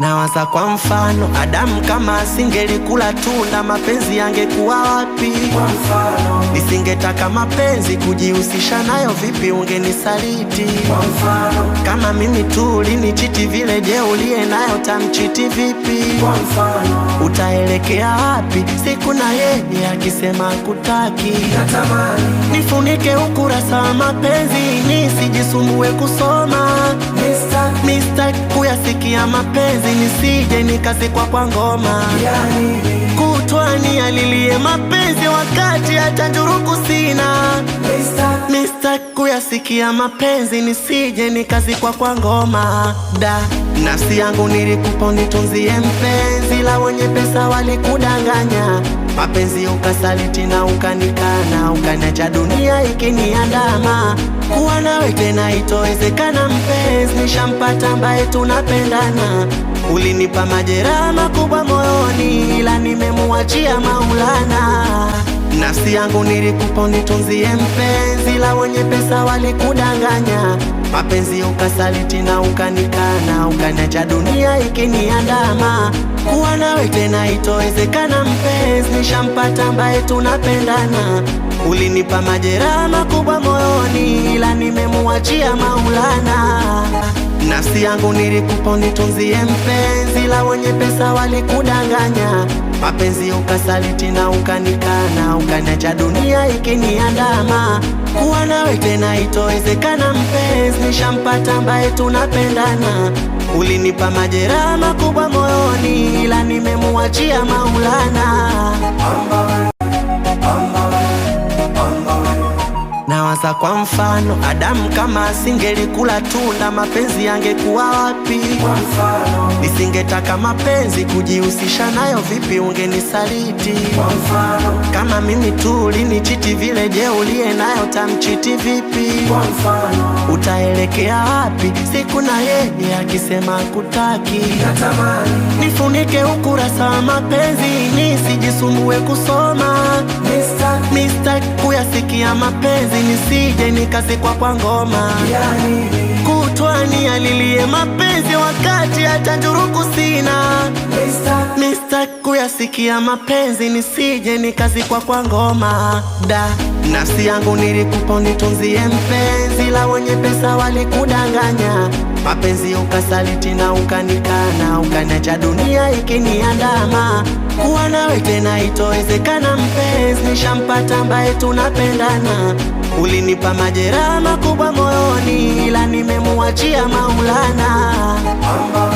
Nawaza kwa mfano, Adamu kama asingelikula tunda, mapenzi yangekuwa wapi? Nisingetaka mapenzi kujihusisha nayo, vipi ungenisaliti? Kama mimi tu ulinichiti vile, je, uliye nayo tamchiti vipi? Utaelekea wapi siku na yeye akisema kutaki? Natamani nifunike ukurasa wa mapenzi, nisijisumbue kusoma miziki ya mapenzi, nisije nikazikwa kwa ngoma kutwani. Alilie mapenzi wakati hata njuruku sina, mista kuyasikia mapenzi, nisije nikazikwa kwa ngoma da Nafsi yangu nilikupa nitunzie, mpenzi la wenye pesa walikudanganya, mapenzi ukasaliti na ukanikana, ukaniacha dunia ikiniandama nawe tena itowezekana, mpenzi, nishampata ambaye tunapendana. Ulinipa majeraha makubwa moyoni, ila nimemuachia Maulana. Nafsi yangu nilikupa unitunzie mpenzi, ila wenye pesa walikudanganya. Mapenzi ukasaliti na ukanikana, ukaniacha dunia ikiniandama. Kuwa nawe tena itowezekana, mpenzi, nishampata ambaye tunapendana. Ulinipa majeraha makubwa moyoni kumuachia Maulana. Nafsi yangu nilikupa nitunzie mpenzi, la wenye pesa walikudanganya, mapenzi ukasaliti na ukanikana, ukaniacha dunia ikiniandama. Kuwa nawe tena itowezekana mpenzi, nishampata ambaye tunapendana. Ulinipa majeraha makubwa moyoni, ila nimemuachia Maulana. nawaza kwa mfano, Adamu kama asingelikula tunda, mapenzi yangekuwa wapi? Nisingetaka mapenzi kujihusisha nayo, vipi ungenisaliti? Kama mimi tu ulinichiti vile, je, uliye nayo tamchiti vipi? Utaelekea wapi siku na yeye akisema kutaki? Nifunike ukurasa wa mapenzi, nisijisumbue kusoma Mistake. Mistake nasikia mapenzi, nisije nikazikwa kwa ngoma kutwani alilie mapenzi, wakati hata njuruku sina. Mista kuyasikia mapenzi, nisije nikazikwa kwa ngoma da nafsi yangu nilikupa, nitunzie mpenzi, la wenye pesa walikudanganya mapenzi ukasaliti na ukanikana, ukaniacha dunia ikiniandama. Kuwa nawe tena itowezekana, mpenzi, nishampata ambaye tunapendana. Ulinipa majeraha makubwa moyoni, ila nimemuachia Maulana.